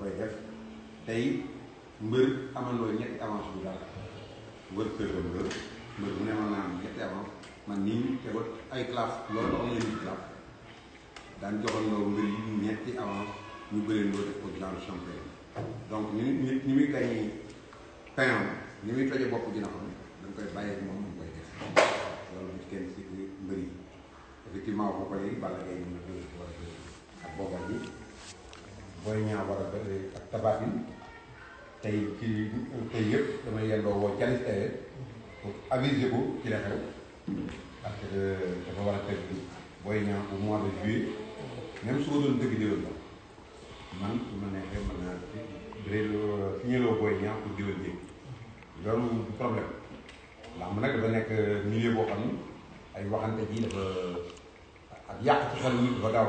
koy def tey mbër amandoo ñetti avance bu dara wër kër mbër mbër bu ma naa am ñetti avance man nii te wat ay classe loolu am na ñuy classe ñetti avance ñu bëreen loo def ko grande champion donc ñu nit ñi muy gañee pain ni muy toje bopp dina xam da nga koy bàyyi moom mu koy def loolu nit kenn ci mbër yi effectivement ko léegi bàll Boy Niang war a bëri eh, ak Tapha Tine tey kii tey yëpp damay yendoo woo Thialis tey aviser ko ci la xew parce euh, dafa war a teg Boy Niang au mois de juillet même su doon dëgg déwén la man su ma neexee mën naa bëriloo signaloo Boy Niang pour déwén jéeg loolu du problème ndax mu nag dafa nekk euh, milieu boo xam ni ay waxante ji dafa ak yàq ci xel dafa daaw.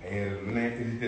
d'ailleurs lu ne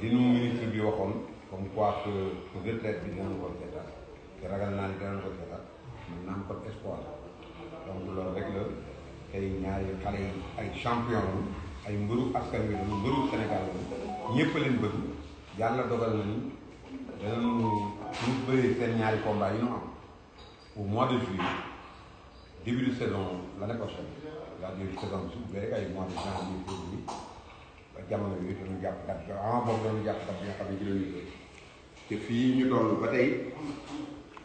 li nu ministre bi waxoon comme quoi que retraite bi dinañ ko seetaan ragal naa ni dinañ ko seetaan mën naa comme espoir donc loolu rek la ñaari xale yi ay champion yu ay mbëru askan wi lañu mbëru Sénégal lañu ñëpp leen bëgg yàlla dogal na ni danañu suñu bëree seen ñaari combat yi ñu am au mois de juillet début de saison l'année prochaine c'est-à-dire saison bi su ay mois de janvier février jamono yooyu dañu jàpp dab avant boobu dañu jàpp dab bi nga xam ne ci lañuy liggéey te fii ñu toll ba tey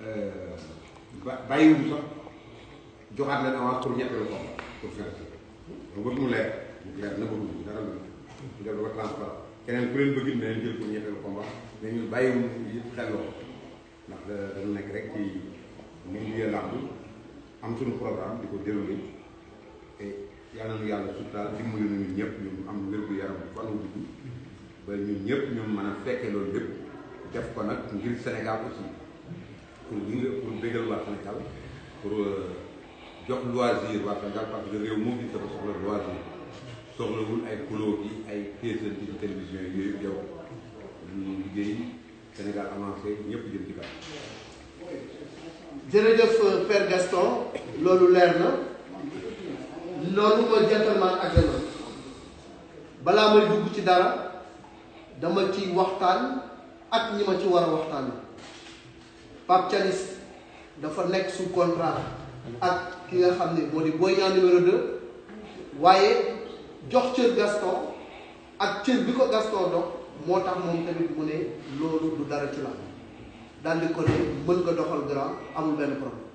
euh, ba bàyyiwul sax joxaat leen avance pour ñetteelu ko pour financer donc bëgg mu leer mu leer na bëgg dara lu ñu def dafa transparent keneen ku leen bëgg ne leen jël pour ñetteelu combat mais ñun bàyyiwul yëpp xel loolu ndax euh, dañu nekk rek ci milieu làmb am suñu programme di ko déroulé yàlla nu yàlla suturaal dimbali nu ñun ñëpp ñu am wér gu yaram fan wu dugg ba ñun ñëpp ñu mën a fekkee loolu lépp def ko nag ngir Sénégal aussi pour ñu pour bégal waa Sénégal pour euh, jox loisir waa Sénégal parce que réew moo gis dafa soxla loisir soxlawul ay kulo yi ay téesal yi yooyu yow Sénégal avancé ñëpp jëm ci kanam. jërëjëf euh, Père Gaston loolu leer na. loolu mooy gentleman agreement balaa may dugg ci dara dama ci waxtaan ak ñi ma ci war a waxtaan Pape Thialis dafa nekk sous contrat ak ki nga xam ne moo di Boy Niang numéro 2 waaye jox cër Gaston ak cër bi ko Gaston dox moo tax moom tamit mu ne loolu du dara ci la daal di ko ne mën nga doxal grand amul benn problème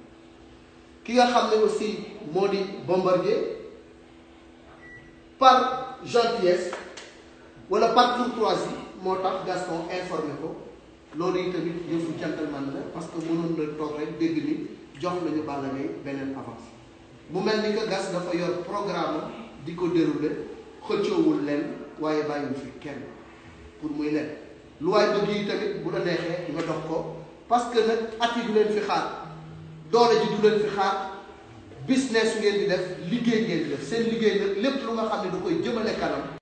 ki nga xam ne aussi moo di Bombardier par gentillesse wala par courtoisie moo tax Gaston informé ko loolu yi tamit yëfu gentleman la parce que mënoon na toog rek dégg ni jox nañu Balla Gaye beneen avance mu mel ni que Gas dafa yor programme di ko dérouler xëccoowul leen waaye bàyyiwul fi kenn pour muy leen lu waay bëgg yi tamit bu la neexee nga dox ko parce que nag at du leen fi xaar doole ji du leen fi xaar business ngeen di def liggéey ngeen di def seen liggéey nag lépp lu nga xam ne da koy jëmale kanam